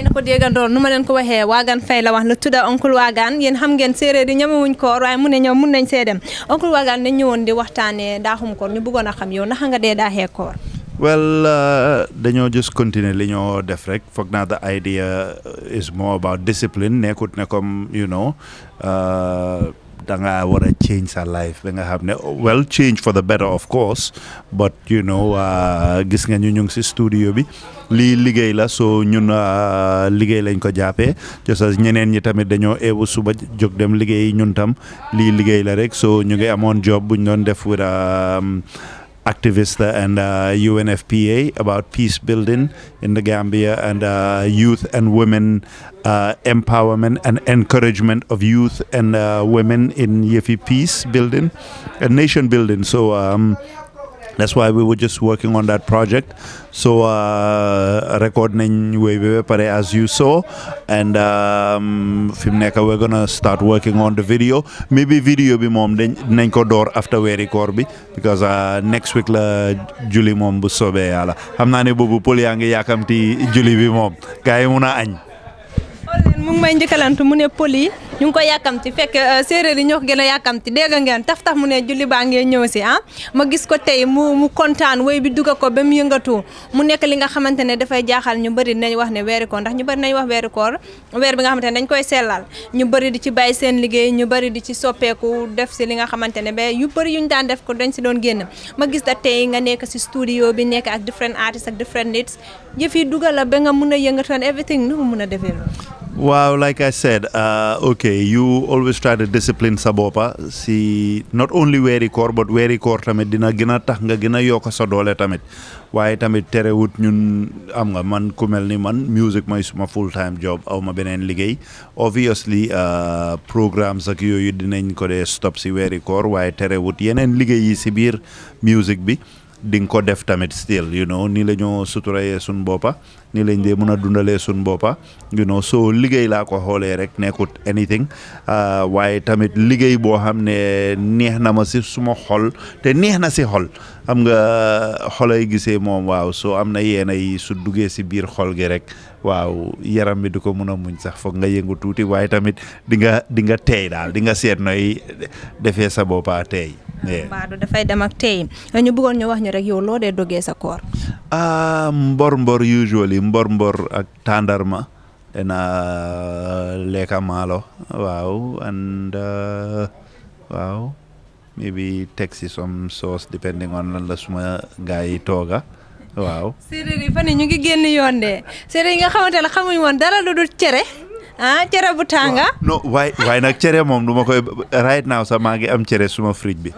ñu ne ko déggandoor nu ma leen ko waxee waagaan fay la wax la tudda oncle waagaan yéen xam ngeen séeréer di ñamewuñ koor waaye mu ne ñoom mun nañ see dem oncle waagaan dañ ñëwoon di waxtaanee daaxum koor ñu bëggoon a xam yow naka nga dee daaxee koor well uh, dañoo just continuer li ñoo def rek foog naa the idea is more about discipline nekkut ne comme you know uh, da ngaa war a change sa life ba nga xam ne well change for the better of course but you know uh, gis nga ñu ñu ngi si studio bi lii liggéey la so ñun uh, liggéey lañ ko jàppee just as ñeneen ñi tamit dañoo eewu suba jóg dem liggéey ñun tam lii liggéey la rek so ñu ngi amoon job buñ doon def with um, Activists and uh, UNFPA about peace building in the Gambia and uh, youth and women uh, empowerment and encouragement of youth and uh, women in Yefi peace building and nation building. So um, that's why we were just working on that project so uh, record nañ way bi pare as you saw and um, fi mu nekk we're gonna start working on the video maybe video bi moom dañ nañ ko door after weeri koor bi because uh, next week la julli moom bu soobee yàlla xam naa ne boobu pël yaa ngi yaakamti julli bi moom gars yi mun a añ mu ngi may njëkkalantu mu ne pël yi ñu ngi koy yàkkamti fekk euh, séeréer yi ñoo ko gën a yàkkamti dégg ngeen taf tax mu ne julli baa ngee ñëw si ah. ma gis ko tey mu mu kontaan woy bi dugga ko ba mu yëngatoo mu nekk li nga xamante ne dafay jaaxal ñu bari nañ wax ne weeri koor ndax ñu bëri nañ wax weeri koor bi nga xamante ne dañ koy sellal ñu bëri di ci bàyyi seen liggéey ñu bëri di ci soppeeku def si li nga xamante ne ba yu bëri yuñ daan def ko dañ si doon génn ma gis da tey nga nekk si studio bi nekk ak different artistes ak different nits yëf yi dugal la ba nga mun a yëngatoon everything nu mu mun a defee waaw like I said, uh, okay, you always try to discipline sa boppa si not only weeri koor but weeri koor tamit dina gën a tax nga gën a yokk sa doole tamit waaye tamit terewut ñun am nga man ku mel ni man music mooy suma full time job aw ma beneen liggéey obviously uh, programmes ak yooyu dinañ ko dee stop si weeri koor waaye terewut yeneen liggéey yi si biir music bi di nga ko def tamit still you know nii la ñoo suturayee suñ boppa nii lañ dee mun a dundalee suñ boppa you know soo liggéey laa ko xoolee rek nekkut anything uh, waaye tamit liggéey boo xam ne neex na ma si suma xol te neex na si xol am nga uh, xolay gisee moom waaw soo am na yeena yi su duggee si biir xol gi rek waaw yaram bi du ko mun a muñ sax foog nga yëngu tuuti waaye tamit di nga di nga teey daal di nga seet nooy defee sa boppa teey Iya. fay dem ak tey ñu bëggoon ñu wax ñu rek yow loo dee dogee sa koor ah mbor mbor usually mbor mbor ak ah, tandarma dena leka malo, waaw and uh, ah, waaw maybe taxi some sauce depending on lan la suma gaay wow. waaw séeréer yi fan ñu ngi génn yoon de séeréer yi nga xamante xamuñ woon dara lu dul cere ah cere bu tànga non waaye nag cere moom du ma koy right now sa maa ngi am cere suma fridge bi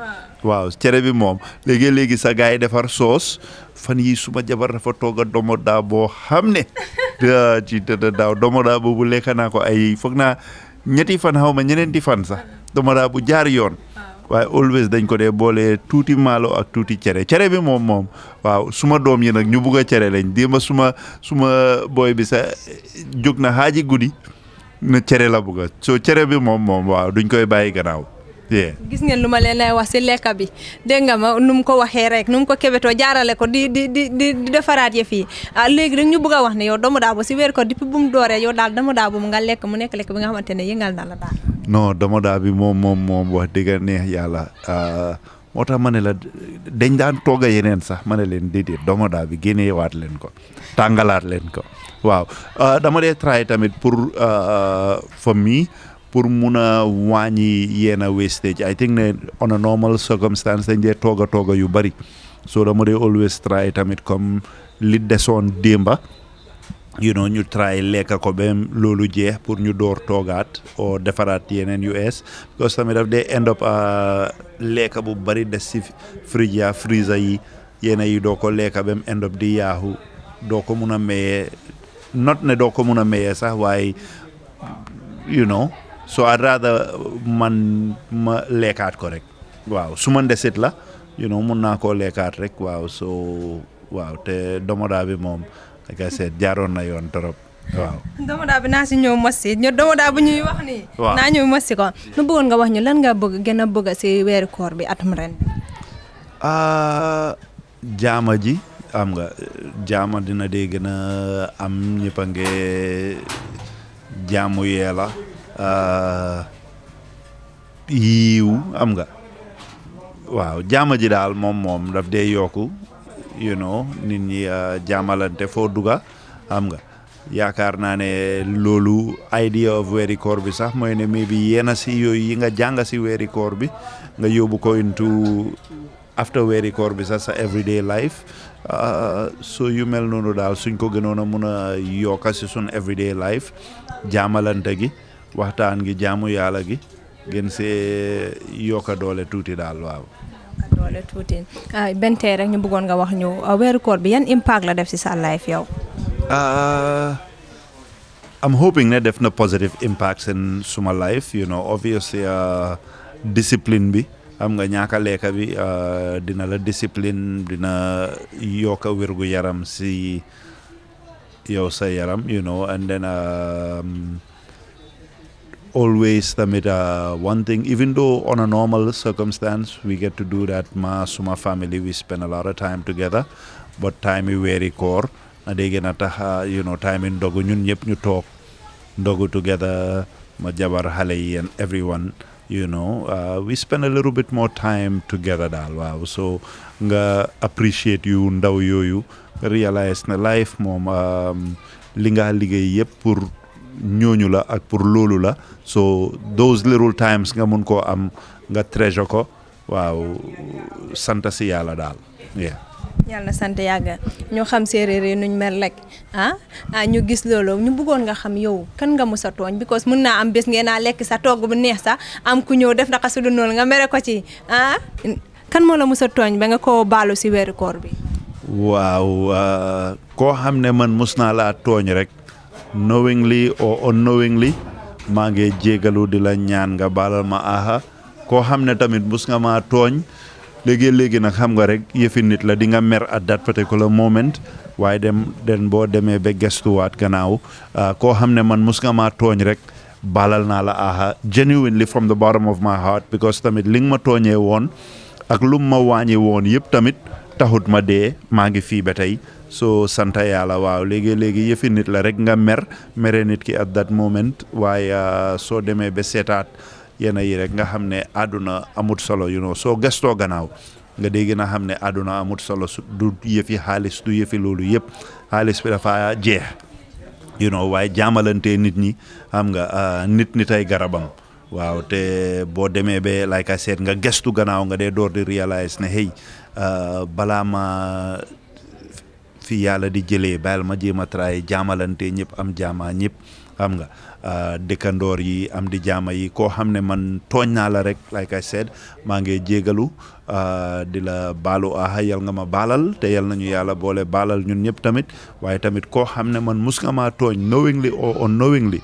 waaw cere bi moom léegi-léegi sa gars yi defar soos fan yi suma jabar dafa toog a daa boo xam ne ci daaw domoda boobu lekk naa ko ay foog naa ñetti fan xaw ma ñeneenti fan sax domoda bu jaar yoon waaye always dañ ko dee boole tuuti maalo ak tuuti cere cere bi moom moom waaw suma doom yi nag ñu bugg a cere lañ démba suma suma booy bi sa eh, jóg na xaaji guddi ne cere la bëgg so cere bi moom moom waaw duñ koy bàyyi gannaaw. gis ngeen lu ma leen lay wax si lekka bi dégg nga ma nu mu ko waxee rek nu mu ko kébetoo jaarale ko di di di di defaraat yëf yi ah léegi rek ñu bëgg a wax ne yow doomu daabo si weer ko depuis dooree yow daal doomu daabo mu nga lekk mu nekk lekk bi nga ne yëngal na la daal. non daa bi moom moom moom wax dëgg neex yàlla ah, moo tax ma ne la dañ daan togg yeneen sax ma ne leen déedéet doomu daa bi génneewaat leen ko tàngalaat leen ko. waaw euh, dama dee travailler tamit pour euh, euh, famille pour mun a wàññi yenn wastage I think ne on a normal circumstance dañ dee tooga tooga yu bëri so dama dee always try tamit comme li desoon démba you know ñu try lekka ko ba loolu jeex pour ñu door toogaat o defaraat yeneen US because tamit daf dee end up lekka bu bari des si fridge ya freezer yi yenn yi doo ko lekka ba end up di yaaxu doo ko mun a mayee not ne doo ko mun a maye sax waaye you know so I'd rather man ma lekkaat ko rek waaw su ma ndesit la you know mun naa koo lekaat rek waaw so waaw te domodaa bi moom like I said jaaroon na yoon torop waaw domodaa bi naa si ñëw mosi ñu domodaa bu ñuy wax nii naa ñëw mosi ko nu bëggoon nga wax ñu lan nga bëgg gën a bëgg si weeru koor bi atum ren ah, jaama ji am nga jaama dina dee gën a uh, am ñëpp a ngi jaamu yeela uh, yiiw am nga waaw jaama ji daal moom moom daf dee yokku you know nit ñi uh, jaamalante foo duga am nga yaakaar naa ne loolu idea of weeri koor bi sax mooy ne mais bi yeena si yooyu yi nga jàng si weeri koor bi nga yóbbu ko into after weeri koor bi sax sa everyday life Uh, so yu mel noonu daal suñ ko gënoon a mun a yokka si suñ everyday life jaamalante gi waxtaan gi jaamu yàlla gi gën see yokka doole tuuti daal waaw doole tuuti ah, bentee rek ñu bëggoon nga wax ñu uh, weeru koor bi yan impact la def si sa life yow uh, I'm hoping ne def na positive impacts in suma life you know obviously discipline bi Am nga ñaaka lekka bi euh, dina la discipline dina yokk wirgu yaram si yow sa yaram you know and then um, always tamit uh, one thing even though on a normal circumstance we get to do that ma suma family we spend a lot of time together but time is very core na day gën a tax uh, you know time in dogu ñun ñëpp ñu toog ndogu together ma jabar xale yi and everyone you know uh, we spend a little bit more time together daal waaw so nga appreciate yu ndaw yooyu realize na life moom um, li nga liggéey yëpp pour ñooñu la ak pour loolu la so those little times nga mun koo am nga treasure ko waaw sant si yàlla daal yàlla na sant yàgga ñoo xam séeréer yi nuñ mel lekk ah, ah ñu gis loolu ñu bëggoon nga xam yow kan nga mos a tooñ because mun naa am bés ngeen naa lekk sa togg bu neex sax am ku ñëw def naka su dul noonu nga mere ko ci ah kan moo la mos a tooñ ba nga ko baalu si weeru koor bi. waaw ah, koo xam ne man mus naa laa tooñ rek knowingly or unknowingly maa ngi jégalu di la ñaan nga baalal ma aha koo xam ne tamit mos nga maa tooñ. léegi-léegi nag xam nga rek yëfin nit la di nga mer at that particular moment waaye dem den boo demee ba gestuwaat gannaaw uh, koo xam ne man mus nga maa tooñ rek balal naa la aha genuinely from the bottom of my heart because tamit li nga ma tooñee woon ak lu ma wàññi woon yëpp tamit taxut ma dee maa ngi fii ba tey soo santa yàlla waaw léegi-léegi yëfi nit la rek nga mer mere nit ki at that moment waaye uh, soo demee ba seetaat yenn yi rek nga xam ne àdduna amut solo you know soo gëstoo gannaaw nga dégg na xam ne àdduna amut solo du yëfi xaalis du yëfi loolu yëpp xaalis bi dafa jeex you know waaye jaamalante nit ñi xam nga ah, nit nit ay garabam waaw te boo demee ba like I said nga gëstu gannaaw nga dee door di réaliser ne hey ah, balaa ma fi yàlla di jëlee bàyyil ma jéem a tray jaamalante ñëpp am jaamaa ñëpp xam nga euh, dëkkandoor yi am di jaama yi koo xam ne man tooñ naa la rek like I said maa ngi jégalu euh, di la baalu aha yal nga ma baalal te yal nañu yàlla boole baalal ñun ñëpp tamit waaye tamit koo xam ne man mus nga maa tooñ knowingly or unknowingly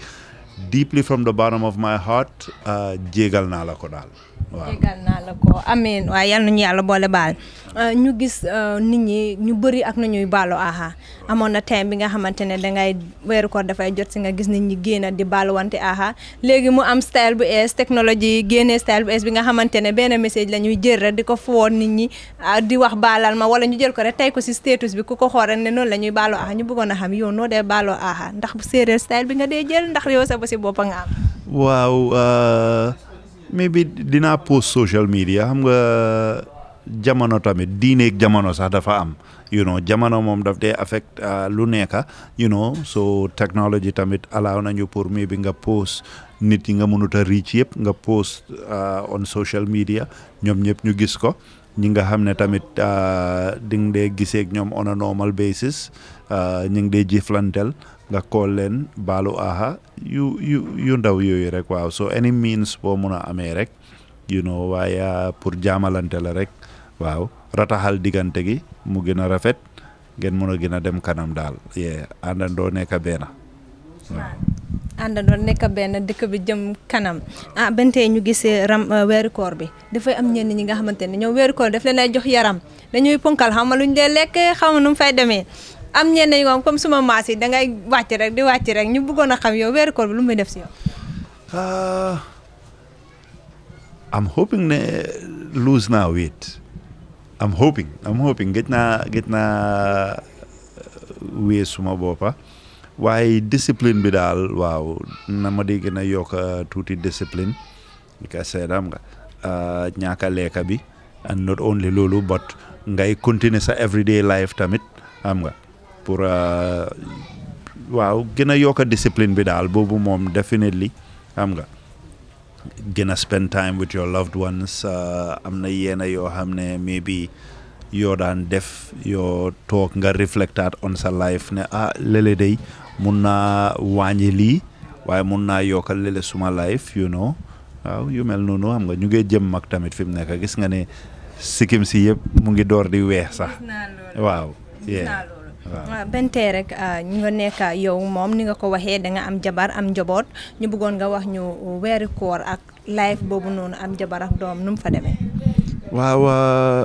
deeply from the bottom of my heart euh, jégal naa la ko daal déggal naa la ko amiin waaye yal nañu yàlla boole baal euh, ñu gis euh, nit ñi ñu bëri ak nañuy baalu aha amoon na temps bi nga xamante ne dangay weeru koor dafay jot si nga gis nit ñi génn di baaluwante aha léegi mu am style bu es technologie génnee style bu es bi nga xamante ne benn message la ñuy jël rek di ko fowoon nit ñi di wax baalal ma wala ñu jël ko rek tey ko si status bi ku ko xool rek ne noonu la ñuy baaloo aha ñu bëggoon a xam yow noo dee baaloo aha ndax séeréer style bi nga dee jël ndax yow sa ba si boppa nga am waaw euh, mais bi dinaa post social media xam nga jamono tamit diineeg jamono sax dafa am you know jamono moom daf dee affect ah, lu nekka you know so technology tamit allow nañu pour mi bi nga post nit yi nga munut a reach yëpp nga post ah, on social media ñoom ñëpp ñu gis ko ñi nga xam ne tamit ah, di nga dee giseeg ñoom on a normal basis ñi ngi dee jëflanteel nga kool leen baalu aha yu yu yu ndaw yooyu rek waaw so any means boo mën a amee rek yu know waaye pour jaamalante la rek waaw rataxal diggante gi mu gën a rafet ngeen mën a gën a dem kanam daal yee àndandoo nekk benn waaw àndandoo nekk benn dëkk bi jëm kanam ah bante ñu gisee eh, ram eh, weeru koor bi dafay am ñenn ñi nga xamante ne ñoom weeru koor daf leen ay jox yaram dañuy ponkal xam ma lu ñu dee lekk xam ma nu mu fay demee am ñenn ñi moom comme suma maas yi da ngay wàcc rek di wàcc rek ñu bëggoon a xam yow weeru koor lu muy def si yow. Ah, I'm hoping ne lose naa weight. I'm hoping I'm hoping naa gëj naa uh, wee suma boppa waaye discipline bi daal waaw na ma di gën a yokk uh, tuuti discipline li ka seet am nga uh, ñàkk a lekka bi and not only loolu but ngay continuer sa everyday life tamit am nga. pour euh, waaw gën a yokk discipline bi daal boobu moom definitely xam nga gën a spend time with your loved ones euh, am na yenn yoo xam ne maybe yoo daan def yoo toog nga reflectaat on sa life ne ah lele day mun naa wàññi lii waaye mun naa yokk lele suma life you know waaw yu mel noonu xam nga ñu ngi jëm mag tamit fi mu nekk gis nga ne sikim si yëpp mu ngi door di weex sax waaw yeah waaw ah, benn tey rek ah, ñu nga nekk yow moom ni nga ko waxee danga am jabar am njaboot ñu bëggoon nga wax ñu weeri koor ak life boobu noonu am jabar ak doom nu fa demee. waaw ah,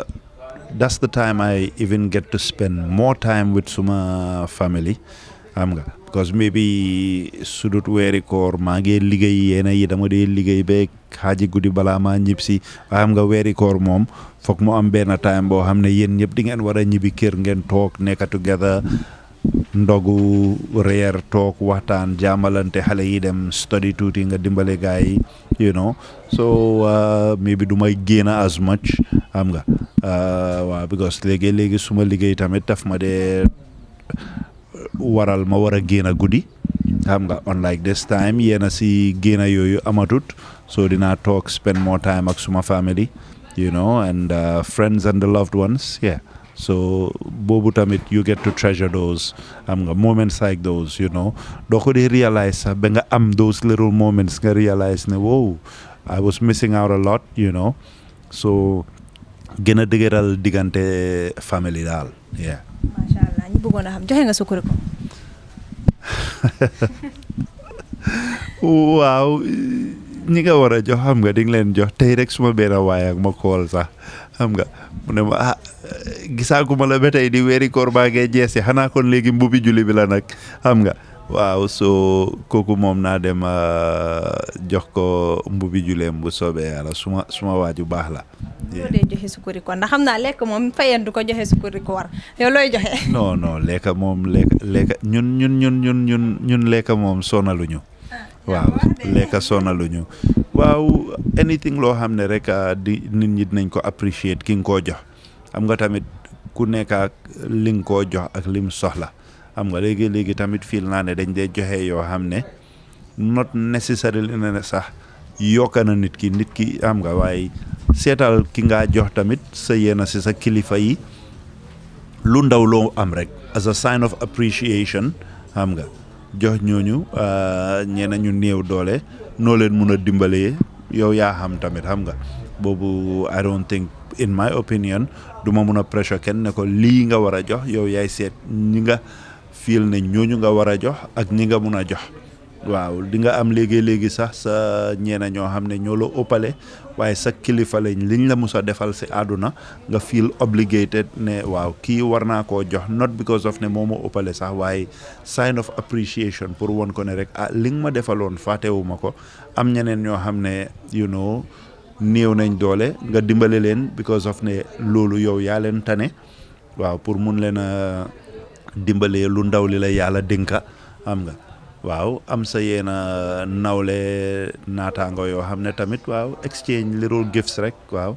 that's the time I even get to spend more time with suma family xam nga. because maybe sudut weeri koor maa ngi liggéey yéena yi dama dee liggéey beeg. Haji Gudi balamaan ma ñibsi si xam nga wéri koor mom fokk mu am benn time boo xam ne yéen ñëpp di ngeen war a ñibbi kër ngeen toog together ndogu rare talk, waxtaan jaamalante xale yi dem study tuuti nga dimbale gars you know so uh, maybe du may génn as much xam nga uh, waaw because léegi léegi suma liggéey tamit taf ma dee waral ma war a génn guddi xam nga unlike this time yéena si génn yooyu amatut So in our talk, spend more time Aksuma family, you know, and uh, friends and the loved ones. Yeah. So Bobutamit, you get to treasure those am moments like those you know doo ko realize sax ah, am those little moments nga realize ne whoa, I was missing out a lot you know so gina a dëgëral family dal, yeah. MashaAllah, ni ñu bëggoon a xam nga ko. ñi nga war a jox xam nga di leen jox tey rek suma benn waay ak ma kool sax xam nga mu ne ma ah gisaaguma la ba tey di weeri koor baa ngee jeesi xanaa kon léegi mbubi julli bi la nag xam nga waaw soo kooku moom naa dem ah, jox ko mbubi juleem bu soobee yàlla suma suma waaju baax la. loo dee joxe sukuri ko ndax xam naa lekk moom fayen du ko joxe sukuri ko war yow looy joxe. non non lekk moom lekk lekk ñun ñun ñun ñun ñun ñun lekk moom sonaluñu. waaw lekka sonaluñu waaw anything loo xam ne rek ah, di nit ñi dinañ ko appreciate ki nga koo jox am nga tamit ku nekk ak li nga jox ak lim soxla xam nga léegi-léegi tamit fiil naa ne dañ dee joxe yoo xam ne not necessarily ne sax yokka na nit ki nit ki am nga waaye seetal ki ngaa jox tamit sa yéena si sa kilifa yi lu ndaw loo am rek as a sign of appreciation xam nga jox ñooñu euh, ñeneen ñu néew doole noo leen mun a dimbalee yow yaa xam tamit xam nga boobu I don't think in my opinion du ma mun a pressure kenn ne ko lii nga war a jox yow yaay seet ñi nga fiil ne ñooñu nga war a jox ak ñi nga mun a jox waaw di nga am léegi-léegi sax sa ñeena ñoo xam ne ñoo loo ëppale waaye sa kilifa lañ liñ la mus a defal si àdduna nga feel obligated ne waaw kii war naa koo jox not because of ne moo ma ëppale sax waaye sign of appreciation pour won ko ne rek ah li nga ma defaloon fàttewu ma ko am ñeneen ñoo xam ne you know néew nañ doole nga dimbale leen because of ne loolu yow yaa leen tane waaw pour mun leen a dimbalee lu ndaw li la yàlla dénka xam nga waaw am sa yéen a nawle naataango yoo xam ne tamit waaw exchange little gifts rek waaw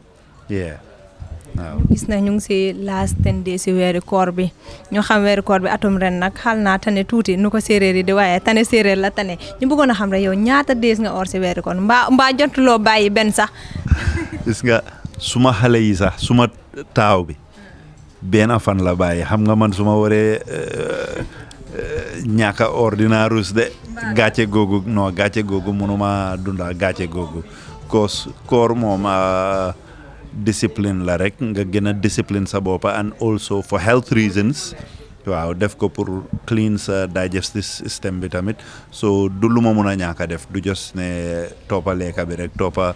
gis na ñu ngi si last ten days si weeri koor bi ñu xam weeri koor bi atum ren nag xal naa ne tuuti nu ko séeréer yi de waaye tane séeréer la tane ñu bëggoon a xam rek yow ñaata days nga or si weeri koor mbaa mbaa jotuloo bàyyi benn sax gis nga suma xale yi sax suma taaw bi benn fan la bàyyi xam nga man suma waree ñàkk a or de gàcce googu non gàcce googu mënuma dunda gàcce googu koos koor moom ah, discipline la rek nga gën a discipline sa bopp and also for health reasons waaw def ko pour clean sa digestive system bi tamit so du lu ma mun a ñàkk def du jos ne toppa lekka bi rek toppa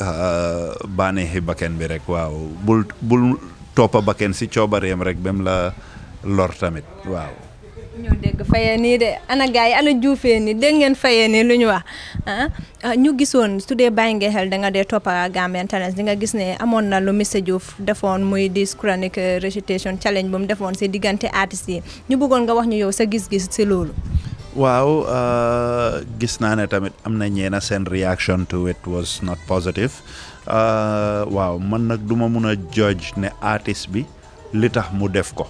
ah, bànneexi bakken bi rek waaw bul bul toppa bakken si coobareem rek ba mu la lor tamit waaw ñoo dégg fayee nii de ana gars yi ana juufee nii dégg ngeen fayee nii lu ñu wax ah, ah ñu gisoon su dee bàyyi nga xel da nga dee toppatoo Gambian Talents di nga gis ne amoon na lu Mister Diouf defoon muy dis chronique euh, récitation challenge bu mu defoon si diggante artistes yi ñu bëggoon nga wax ñu yow sa gis-gis si loolu. waaw euh, gis naa ne tamit am na ñeena seen reaction to it was not positive euh, waaw mën nag duma mun a judge ne artiste bi li tax mu def ko.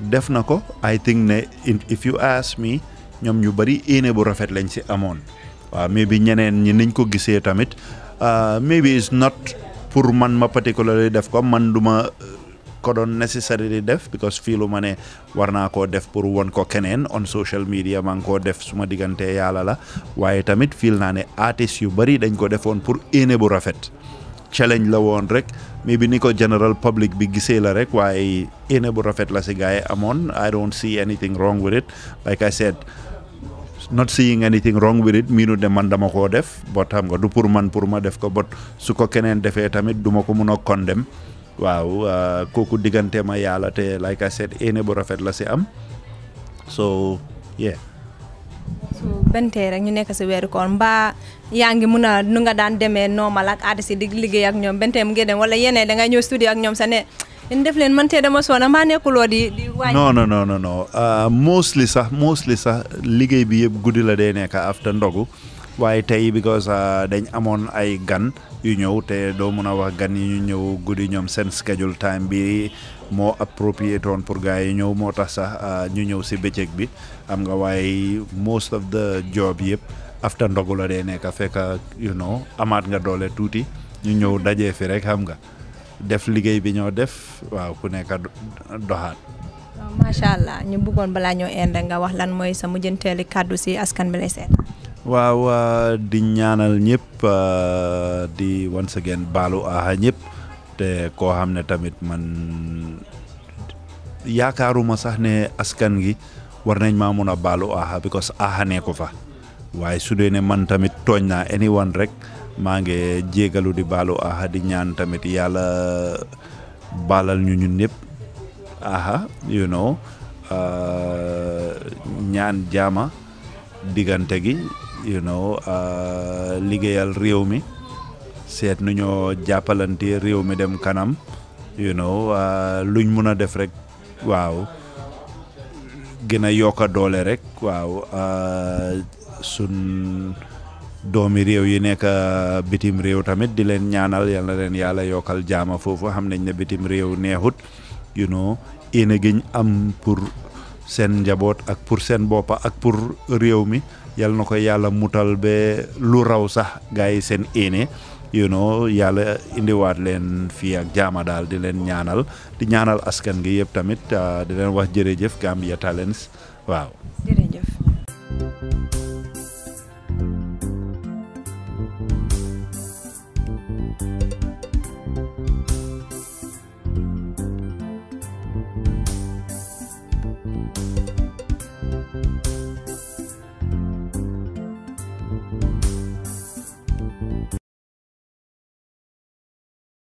def na ko I think ne if you ask me ñoom yu bari éene bu rafet lañ si amoon waaw mais bi ñeneen ñi niñ ko gisee tamit ah, maybe it's not pour man ma particularly def ko man du ma uh, ko doon necessarily def because fiilu ma ne war naa koo def pour won ko keneen on social media maa ngi koo def suma diggante yàlla la waaye tamit fiil naa ne artistes yu bari dañ ko defoon pour éene bu rafet challenge la woon rek mais bi ni ko general public bi gisee la rek waaye yéene bu rafet la si gars yi amoon I don't see anything wrong with it like I said not seeing anything wrong with it miinu de man dama koo def boo xam du pour man pour ma def ko bot su ko keneen defee tamit duma ko mun a condemn waaw euh, kooku diggante ma yàlla te like I said yéene bu rafet la si am so yeah so ban tey rek ñu nekk si weeru koor mbaa ngi nu nga daan demee normal ak aada si di liggéey ak ñoom ban tey mu dem wala yeneen da ngay ñëw studio ak ñoom sa ne in def leen man tey dama soona mbaa di di wàññi non non non non ah, mostly sax mostly sax liggéey bi gudilade guddi la dee nekk after ndogu waaye tey because ah, dañ amoon ay gan yu ñëw te doo mun wax gan yi ñu ñëw guddi schedule time bi mo appropriate on pour gars yi ñew moo tax sax euh, ñu ñew si bëcëk bi am nga way most of the job yep after ndogu la dee nekk fekk you know amaat nga doole tuuti ñu ñew dajé fi rek xam nga def liggéey bi ñoo def waaw ku nekk doxaat macha allah ñu bëggoon bala ñoo ënd nga wax lan mooy sa mujjanteeli kàddu si askan bi lay seet waaw di ñaanal ñëpp euh, di once again baalu aha ñëpp te koham xam ne tamit man yaakaaruma sax ne askan gi war nañ maa mun a baalu aaxa because aha ne ko fa waaye su dee ne man tamit tooñ anyone rek maa ngi jégalu di baalu aha di ñaan tamit yàlla baalal ñu ñun ñëpp aaxa you know ñaan jama diggante gi you know liggéeyal réew mi seet nu ñoo jàppalante réew mi dem kanam you know luñ mun a def rek waaw gën a yokk doole rek waaw sun doomi réew yi nekk bitim réew tamit di leen ñaanal yal leen yàlla yokkal jaama foofu xam nañ ne bitim réew neexut you know yéene giñ am pour seen njaboot ak pour seen boppa ak pour réew mi yal na ko yàlla mutal ba lu raw sax gars yi seen yéene you yàlla indiwaat leen fii ak jaama daal di leen ñaanal di ñaanal askan gi yëpp tamit ah, di leen wax jërëjëf Gambia Talents waaw